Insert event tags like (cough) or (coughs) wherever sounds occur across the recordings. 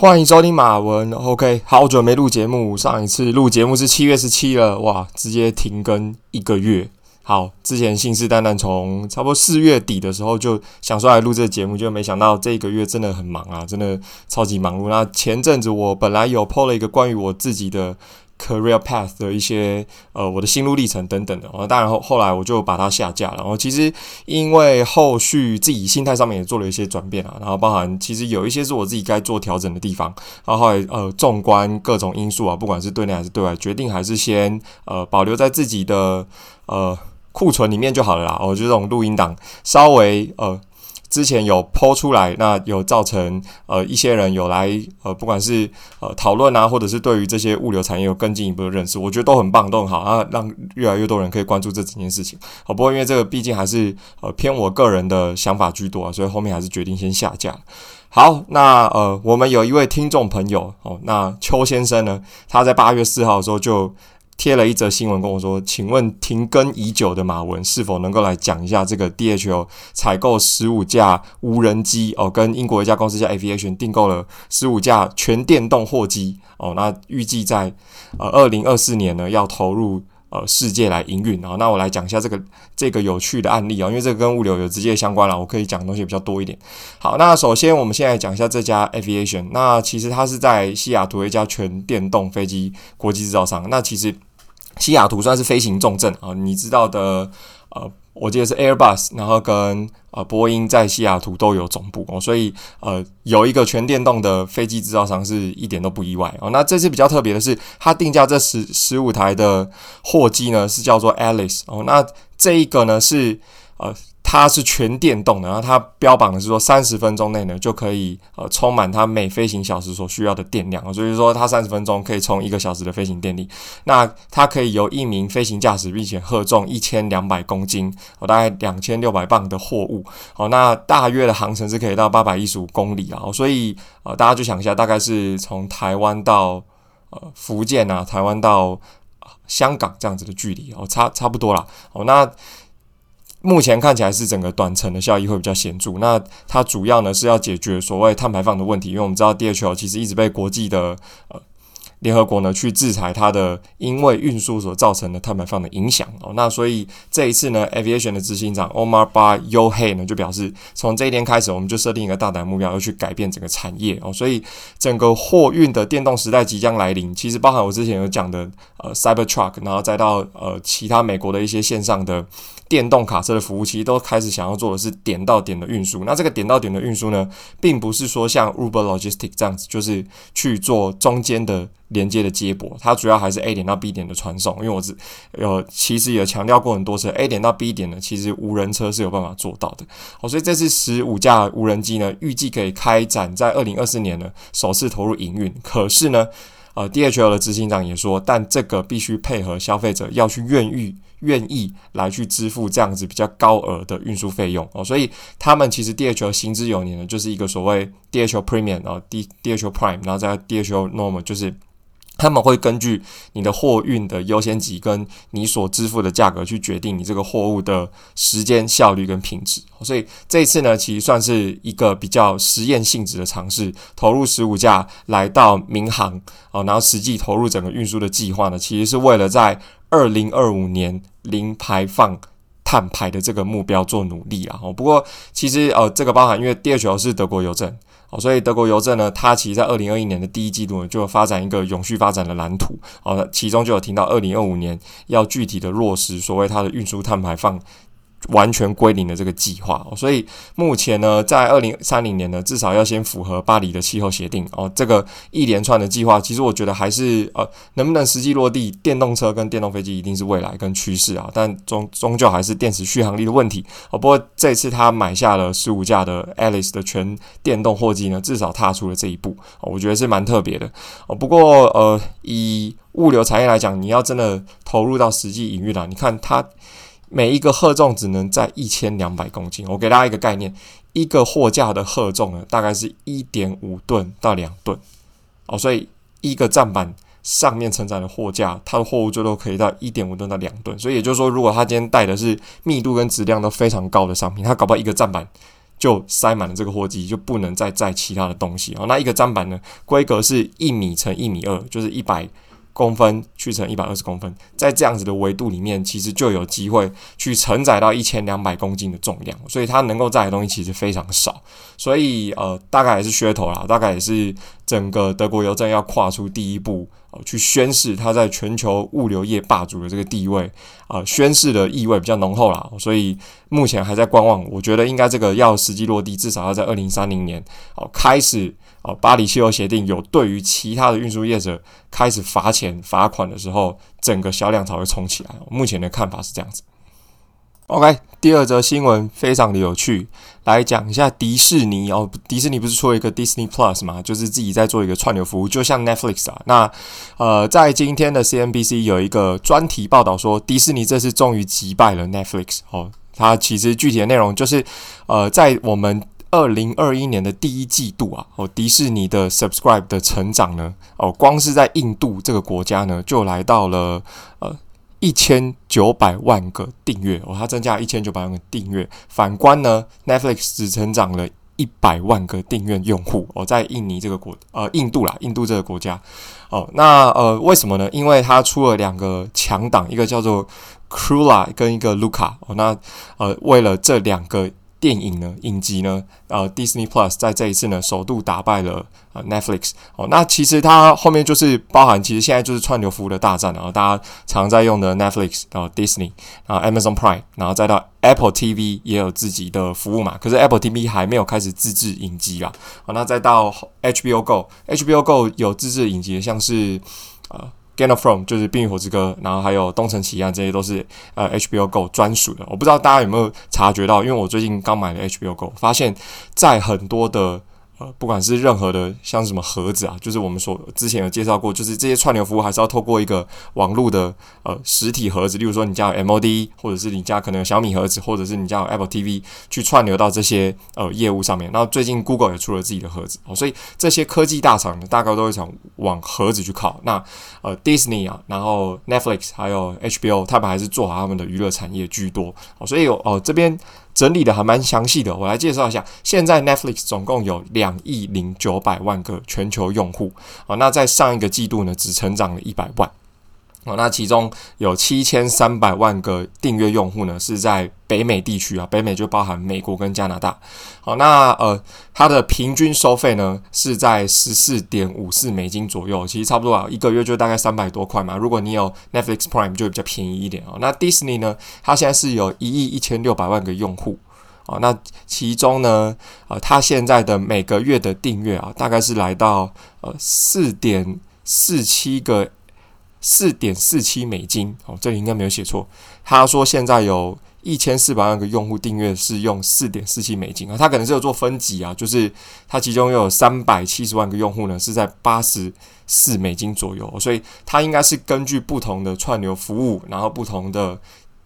歡迎收聽馬文。OK，好久沒錄節目，上一次錄節目是七月十七了，哇，直接停更一個月。好，之前信誓旦旦從差不多四月底的時候就想說來錄這個節目，就沒想到這個月真的很忙啊，真的超級忙碌。那前陣子我本來有 PO 了一個關於我自己的。career path 的一些呃，我的心路歷程等等的，然、哦、後，當然，後後來我就把它下架了。然後，其實因為後續自己心態上面也做了一些轉變啊，然後，包含其實有一些是我自己該做調整的地方。然後後來，呃，縱觀各種因素啊，不管是對內還是對外，決定還是先呃，保留在自己的呃庫存裡面就好了啦。我覺得這種錄音檔稍微呃。之前有 PO 出來，那有造成呃一些人有來呃，不管是呃討論啊，或者是對於這些物流產業有更進一步的認識，我覺得都很棒，都很好啊，讓越來越多人可以關注這整件事情。好，不過因為這個畢竟還是呃偏我個人的想法居多啊，所以後面還是決定先下架。好，那呃我們有一位聽眾朋友哦，那邱先生呢，他在八月四號的時候就。貼了一則新聞跟我說：“請問停更已久的馬文是否能夠來講一下這個 DHL 採購十五架無人機哦？跟英國一家公司叫 Aviation 訂購了十五架全電動貨機哦。那預計在呃二零二四年呢要投入呃世界來營運啊。那我來講一下這個這個有趣的案例啊、哦，因為這個跟物流有直接相關啦，我可以講的東西比較多一點。好，那首先我們現在講一下這家 Aviation，那其實它是在西雅圖一家全電動飛機國際製造商。那其實。西雅圖算是飛行重鎮啊，哦，你知道的，呃，我記得是 Airbus，然後跟呃波音在西雅圖都有總部哦，所以呃有一個全電動的飛機製造商是一點都不意外哦。那這次比較特別的是，它定價這十十五台的貨機呢是叫做 Alice 哦，那這一個呢是呃。它是全電動的，然後它標榜的是說三十分鐘內呢就可以呃充滿它每飛行小時所需要的電量。所以說它三十分鐘可以充一個小時的飛行電力。那它可以由一名飛行駕駛，並且荷重一千兩百公斤，哦，大概兩千六百磅的貨物。好，那大約的航程是可以到八百一十五公里啊，所以大家就想一下，大概是從台灣到呃福建啊，台灣到香港這樣子的距離哦，差差不多啦。好，那。目前看起來是整個短程的效益會比較顯著，那它主要呢是要解決所謂碳排放的問題，因為我們知道 DHL 其實一直被國際的，呃。聯合國呢去制裁它的，因為運輸所造成的碳排放的影響哦。那所以這一次呢，Aviation 的執行長 Omar Bar Yohei 呢就表示，從這一天開始，我們就設定一個大膽的目標，要去改變整個產業哦。所以整個貨運的電動時代即將來臨。其實包含我之前有講的呃 Cybertruck，然後再到呃其他美國的一些線上的電動卡車的服務，其實都開始想要做的是點到點的運輸。那這個點到點的運輸呢，並不是說像 Uber Logistics 這樣子，就是去做中間的。連接的接駁，它主要還是 A 點到 B 點的傳送。因為我是呃，其實也強調過很多次，A 點到 B 點呢，其實無人車是有辦法做到的。哦，所以這次十五架無人機呢，預計可以開展在二零二四年呢首次投入營運。可是呢，呃，DHL 的執行長也說，但這個必須配合消費者要去願意願意來去支付這樣子比較高額的運輸費用。哦，所以他們其實 DHL 行之有年呢，就是一個所謂 DHL Premium、哦、D DHL Prime，然後再 DHL Normal 就是。他們會根據你的貨運的優先級跟你所支付的價格去決定你這個貨物的時間效率跟品質。所以這次呢，其實算是一個比較實驗性質的嘗試，投入十五架來到民航哦，然後實際投入整個運輸的計劃呢，其實是為了在二零二五年零排放碳排的這個目標做努力啊。不過其實呃，這個包含因為 DHL 是德國郵政。好，所以德國郵政呢，它其實在二零二一年的第一季度呢，就有發展一個永續發展的藍圖。好，其中就有提到二零二五年要具體的落實所謂它的運輸碳排放，完全歸零的這個計劃哦，所以目前呢，在二零三零年呢，至少要先符合巴黎的氣候協定哦。這個一連串的計劃，其實我覺得還是呃，能不能實際落地？電動車跟電動飛機一定是未來跟趨勢啊，但終終究還是電池續航力的問題哦。不過這次他買下了十五架的 Alice 的全電動貨機呢，至少踏出了這一步，我覺得是蠻特別的哦。不過呃，以物流產業來講，你要真的投入到實際營運了，你看它。每一個荷重只能載一千兩百公斤。我給大家一個概念，一個貨架的荷重呢，大概是一點五噸到兩噸。哦，所以一個站板上面承載的貨架，它的貨物最多可以到一點五噸到兩噸。所以也就是說，如果他今天帶的是密度跟質量都非常高的商品，他搞不好一個站板就塞滿了這個貨機，就不能再載其他的東西。哦，那一個站板呢，規格是一米乘一米二，就是一百。公分去乘一百二十公分，在這樣子的維度裡面，其實就有機會去承載到一千兩百公斤的重量，所以它能夠載的東西其實非常少。所以呃，大概也是噱頭啦，大概也是整個德國郵政要跨出第一步。去宣示他在全球物流業霸主的這個地位啊、呃，宣示的意味比較濃厚啦，所以目前還在觀望。我覺得應該這個要實際落地，至少要在二零三零年哦開始哦，巴黎氣候協定有對於其他的運輸業者開始罰錢罰款的時候，整個銷量才會衝起來、哦。目前的看法是這樣子。OK，第二則新聞非常的有趣，來講一下迪士尼哦。迪士尼不是出了一個 Disney Plus 嘛，就是自己在做一個串流服務，就像 Netflix 啊。那呃，在今天的 CNBC 有一個專題報道說，迪士尼這次終於擊敗了 Netflix 哦。它其實具體的內容就是呃，在我們二零二一年的第一季度啊，哦，迪士尼的 subscribe 的成長呢，哦，光是在印度這個國家呢，就來到了呃。一千九百萬個訂閱哦，它增加一千九百萬個訂閱。反觀呢，Netflix 只成長了一百萬個訂閱用戶哦，在印尼這個國呃印度啦，印度這個國家哦，那呃為什麼呢？因為它出了兩個強檔，一個叫做 Cruella 跟一個 Luca 哦，那呃為了這兩個。電影呢，影集呢，呃，Disney Plus 在這一次呢，首度打敗了呃 Netflix 哦，呃，那其實它後面就是包含，其實現在就是串流服務的大戰啊，呃，大家常在用的 Netflix 啊，呃，Disney 啊，呃，Amazon Prime，然後再到 Apple TV 也有自己的服務嘛，可是 Apple TV 還沒有開始自制影集啊，好，呃，那再到 HBO Go，HBO Go 有自制影集的，像是啊。呃 Game of Thrones 就是《冰與火之歌》，然後還有《東城奇案》，這些都是呃 HBO GO 專屬的。我不知道大家有沒有察覺到，因為我最近剛買了 HBO GO，發現在很多的。呃，不管是任何的像什麼盒子啊，就是我們所之前有介紹過，就是這些串流服務還是要透過一個網絡的呃實體盒子，例如說你家有 MOD，或者是你家可能有小米盒子，或者是你家有 Apple TV 去串流到這些呃業務上面。那最近 Google 也出了自己的盒子，哦、所以這些科技大廠呢，大概都會想往盒子去靠。那呃 Disney 啊，然後 Netflix 還有 HBO，他們還是做好他們的娛樂產業居多。哦、呃，所以有哦、呃、這邊。整理的還蠻詳細的，我來介紹一下。現在 Netflix 總共有兩億零九百萬個全球用戶啊，那在上一個季度呢，只成長了一百萬啊，那其中有七千三百萬個訂閱用戶呢，是在北美地區啊，北美就包含美國跟加拿大。好，那呃，它的平均收費呢是在十四點五四美金左右，其實差不多啊，一個月就大概三百多塊嘛。如果你有 Netflix Prime 就比較便宜一點哦。那 Disney 呢，它現在是有一億一千六百萬個用戶哦，那其中呢，呃，它現在的每個月的訂閱啊，大概是來到呃四點四七個四點四七美金哦，這裡應該沒有寫錯。他說現在有一千四百萬個用戶訂閱是用四點四七美金啊，他可能是有做分級啊，就是他其中有三百七十萬個用戶呢是在八十四美金左右，所以他應該是根據不同的串流服務，然後不同的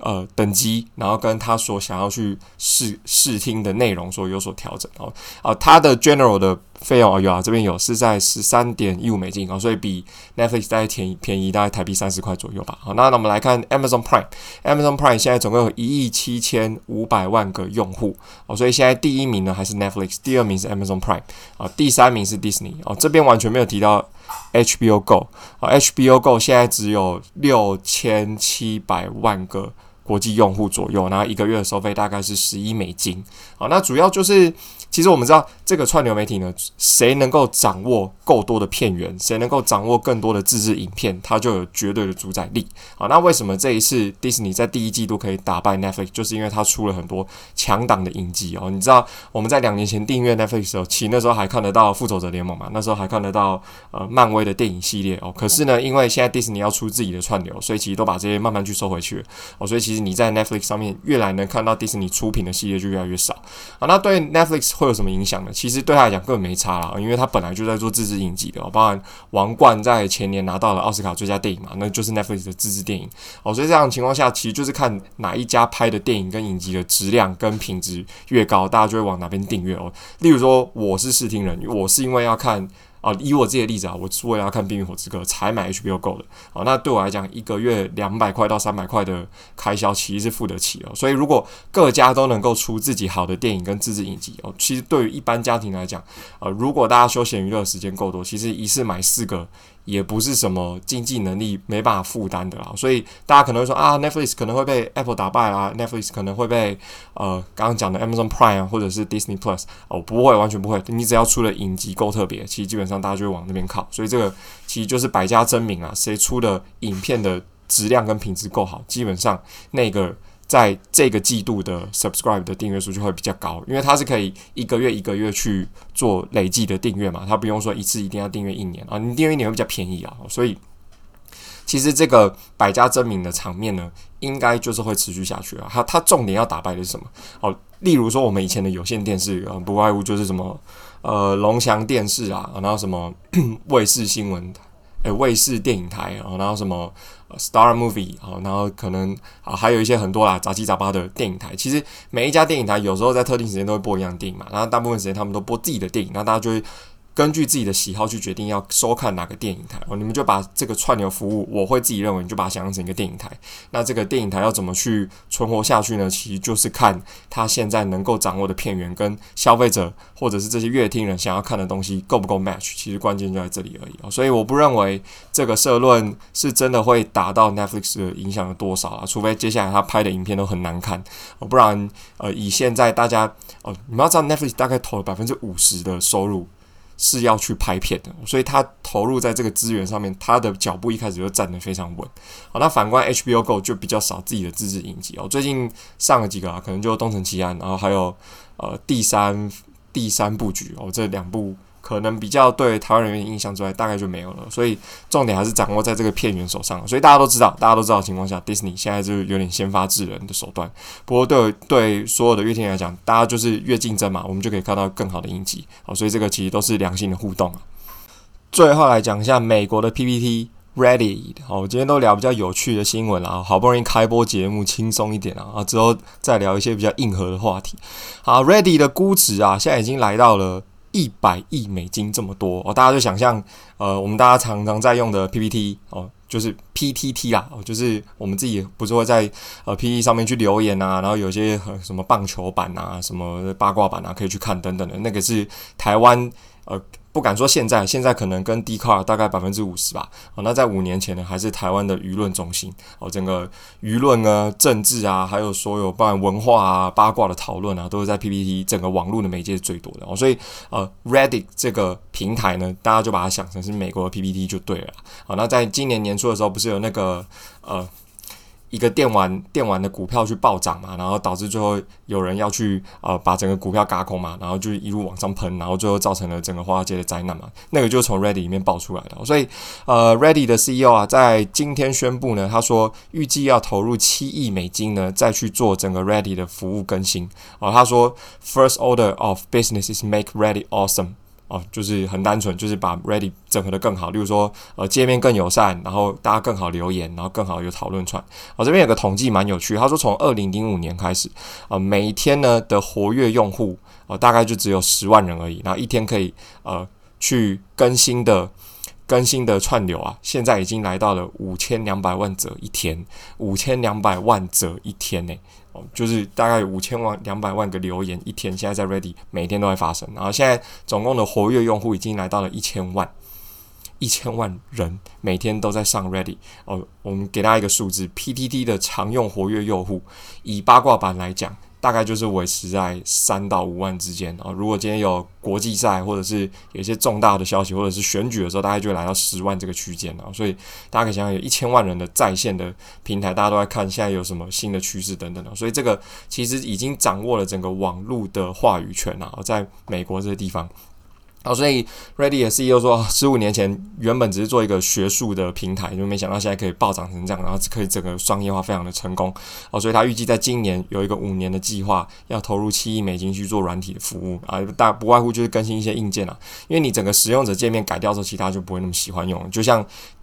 呃等級，然後跟他所想要去試試聽的內容，所有所調整哦啊，他的 general 的。費用、哦、有啊，這邊有是在十三點一五美金哦，所以比 Netflix 大概便宜便宜大概台幣三十塊左右吧。好，那那我們來看 Amazon Prime，Amazon Prime 現在總共有一億七千五百萬個用戶哦，所以現在第一名呢還是 Netflix，第二名是 Amazon Prime，啊、哦，第三名是 Disney 哦，這邊完全沒有提到 HBO Go，啊、哦、HBO Go 現在只有六千七百萬個國際用戶左右，然後一個月的收費大概是十一美金，好、哦，那主要就是。其實我們知道，這個串流媒體呢，誰能夠掌握夠多的片源，誰能夠掌握更多的自制影片，它就有絕對的主宰力。好，那為什麼這一次迪士尼在第一季度可以打敗 Netflix，就是因為它出了很多強檔的影集哦。你知道我們在兩年前訂閱 Netflix 的時候，其實那時候還看得到《復仇者聯盟》嘛，那時候還看得到呃漫威的電影系列哦。可是呢，因為現在迪士尼要出自己的串流，所以其實都把這些慢慢去收回去了哦。所以其實你在 Netflix 上面越來能看到迪士尼出品的系列就越來越少。好，那對 Netflix 會。會有什麼影響呢？其實對他來講根本沒差啦，因為他本來就在做自制影集的哦、喔。當然，王冠在前年拿到了奧斯卡最佳電影嘛，那就是 Netflix 的自制電影哦、喔。所以這樣的情況下，其實就是看哪一家拍的電影跟影集的質量跟品質越高，大家就會往哪邊訂閱哦。例如說，我是視聽人，我是因為要看。啊，以我自己的例子啊，我是為了要看《冰與火之歌》才買 HBO Go 的。啊，那對我來講，一個月兩百塊到三百塊的開銷其實是付得起哦。所以，如果各家都能夠出自己好的電影跟自制影集哦，其實對於一般家庭來講，呃，如果大家休閒娛樂時間夠多，其實一次買四個。也不是什麼經濟能力沒辦法負擔的啦，所以大家可能會說啊，Netflix 可能會被 Apple 打敗啦，Netflix 可能會被呃剛剛講的 Amazon Prime 或者是 Disney Plus 哦。我不會，完全不會，你只要出了影集夠特別，其實基本上大家就會往那邊靠，所以這個其實就是百家爭鳴啊，誰出的影片的質量跟品質夠好，基本上那個。在這個季度的 subscribe 的訂閱數就會比較高，因為它是可以一個月一個月去做累計的訂閱嘛，它不用說一次一定要訂閱一年啊，你訂閱一年會比較便宜啊，所以其實這個百家爭鳴的場面呢，應該就是會持續下去啊。它它重點要打敗的是什麼？哦，啊，例如說我們以前的有線電視，啊，不外乎就是什麼呃龍祥電視啊，啊，然後什麼衛視 (coughs) 新聞欸，衛視電影台，然後什麼 Star Movie，啊，然後可能啊還有一些很多啦雜七雜八的電影台。其實每一家電影台有時候在特定時間都會播一樣電影嘛，然後大部分時間他們都播自己的電影，那大家就會。根據自己的喜好去決定要收看哪個電影台哦，你們就把這個串流服務，我會自己認為你就把它想象成一個電影台。那這個電影台要怎麼去存活下去呢？其實就是看它現在能夠掌握的片源跟消費者或者是這些閱聽人想要看的東西夠不夠 match，其實關鍵就在這裡而已哦。所以我不認為這個社論是真的會打到 Netflix 的影響有多少啊？除非接下來他拍的影片都很難看哦，不然呃，以現在大家哦，你們要知道 Netflix 大概投了百分之五十的收入。是要去拍片的，所以他投入在這個資源上面，他的腳步一開始就站得非常穩。好，那反觀 HBO Go 就比較少自己的自制影集哦，最近上了幾個啊，可能就《東城奇案》，然後還有呃《第三》《第三布局》哦，這兩部。可能比較對台灣人員印象之外，大概就沒有了。所以重點還是掌握在這個片源手上。所以大家都知道，大家都知道的情況下，Disney 現在就是有點先發制人的手段。不過對對所有的閱聽人來講，大家就是越競爭嘛，我們就可以看到更好的影集。好，所以這個其實都是良性的互動啊。最後來講一下美國的 PTT Reddit。好，我今天都聊比較有趣的新聞啦，好不容易開播節目輕鬆一點了啊，之後再聊一些比較硬核的話題。好，Reddit 的估值啊，現在已經來到了。一百億美金這麼多哦，大家就想象，呃，我們大家常常在用的 PPT 哦，就是 PTT 啦，哦，就是我們自己不是會在呃 PE 上面去留言啊，然後有些，呃、什麼棒球版啊，什麼八卦版啊，可以去看等等的，那個是台灣呃。不敢說現在，現在可能跟 Dcard 大概百分之五十吧。哦，那在五年前呢，還是台灣的輿論中心。哦，整個輿論啊、政治啊，還有所有包含文化啊、八卦的討論啊，都是在 PPT 整個網絡的媒介最多的。哦，所以呃，Reddit 這個平台呢，大家就把它想成是美國的 PPT 就對了。好，那在今年年初的時候，不是有那個呃。一個電玩電玩的股票去暴漲嘛，然後導致最後有人要去呃把整個股票軋空嘛，然後就一路往上噴，然後最後造成了整個華爾街的災難嘛。那個就從 Reddit 裡面爆出來的，所以呃 Reddit 的 CEO 啊在今天宣布呢，他說預計要投入七億美金呢再去做整個 Reddit 的服務更新啊、呃。他說 First order of business is make Reddit awesome。哦，就是很單純，就是把 Reddit 整合的更好，例如說，呃，界面更友善，然後大家更好留言，然後更好有討論串。我、哦、這邊有個統計蠻有趣，他說從二零零五年開始，呃，每一天呢的活躍用戶，呃，大概就只有十萬人而已，然後一天可以呃去更新的更新的串流啊，現在已經來到了五千兩百萬則一天，五千兩百萬則一天呢。就是大概五千萬、兩百萬個留言一天，現在在 Reddit，每天都在發生。然後現在總共的活躍用戶已經來到了一千萬，一千萬人每天都在上 Reddit。哦，我們給大家一個數字，PTT 的常用活躍用戶，以八卦版來講。大概就是維持在三到五萬之間啊。如果今天有國際賽，或者是有一些重大的消息，或者是選舉的時候，大概就會來到十萬這個區間。所以大家可以想想，有一千萬人的在線的平台，大家都在看現在有什麼新的趨勢等等的。所以這個其實已經掌握了整個網絡的話語權了啊。在美國這些地方。好，所以 Reddit 的 CEO 說，十五年前原本只是做一個學術的平台，就沒想到現在可以暴漲成這樣，然後可以整個商業化非常的成功。哦，所以他預計在今年有一個五年的計劃，要投入七億美金去做軟體的服務啊，大不外乎就是更新一些硬件啊，因為你整個使用者界面改掉之後，其他就不會那麼喜歡用，就像。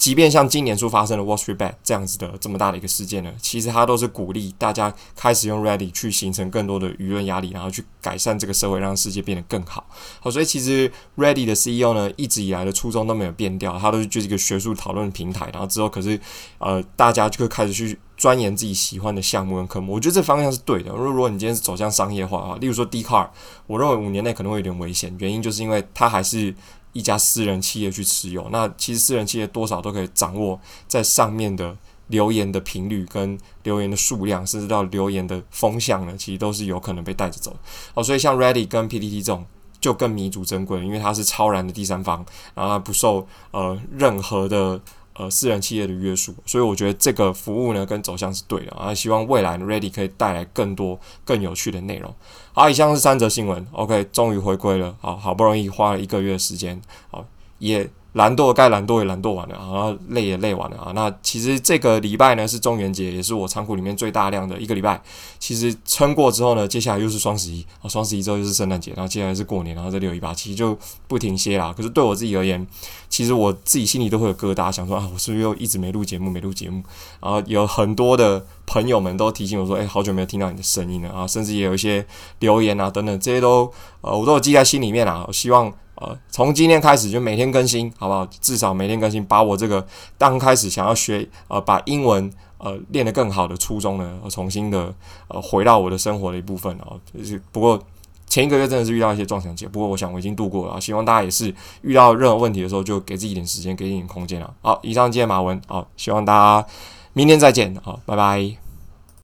即便像今年初發生的 Wall Street Bets 這樣子的這麼大的一個事件呢，其實它都是鼓勵大家開始用 Reddit 去形成更多的輿論壓力，然後去改善這個社會，讓世界變得更好。好，所以其實 Reddit 的 CEO 呢一直以來的初衷都沒有變掉，他都是就是一個學術討論平台，然後之後可是呃大家就會開始去鑽研自己喜歡的項目跟科目。我覺得這方向是對的。如果如果你今天是走向商業化的話，例如說 Dcard，我認為五年內可能會有點危險，原因就是因為它還是。一家私人企業去持有，那其實私人企業多少都可以掌握在上面的留言的頻率跟留言的數量，甚至到留言的風向呢，其實都是有可能被帶着走。哦，所以像 Reddit 跟 PTT 這種就更彌足珍貴了，因為它是超然的第三方，然後它不受呃任何的。呃，私人企業的約束，所以我覺得這個服務呢，跟走向是對的啊。希望未來 Reddit 可以帶來更多更有趣的內容。好，以上是三則新聞。OK，終於回歸了，好，好不容易花了一個月的時間。好，也、yeah。懶惰該懶惰也懶惰完了啊，累也累完了啊。那其實這個禮拜呢是中元節，也是我倉庫裡面最大量的一個禮拜。其實撐過之後呢，接下來又是雙十一啊，雙十一之後又是聖誕節，然後接下來是過年，然後這六一八其實就不停歇啦。可是對我自己而言，其實我自己心裡都會有疙瘩，想說啊，我是不是又一直沒錄節目？沒錄節目，然後有很多的朋友們都提醒我說，欸，好久沒有聽到你的聲音了啊。甚至也有一些留言啊等等，這些都呃，我都有記在心裡面啊。我希望。呃，從今天開始就每天更新，好不好？至少每天更新，把我這個剛開始想要學呃，把英文呃練得更好的初衷呢，呃，重新的呃，回到我的生活的一部分啊，哦，就是不過前一個月真的是遇到一些撞牆期，不過我想我已經度過了。希望大家也是遇到任何問題的時候，就給自己一點時間，給自己一點空間了，啊。好，以上就是馬文。好，希望大家明天再見。好，拜拜。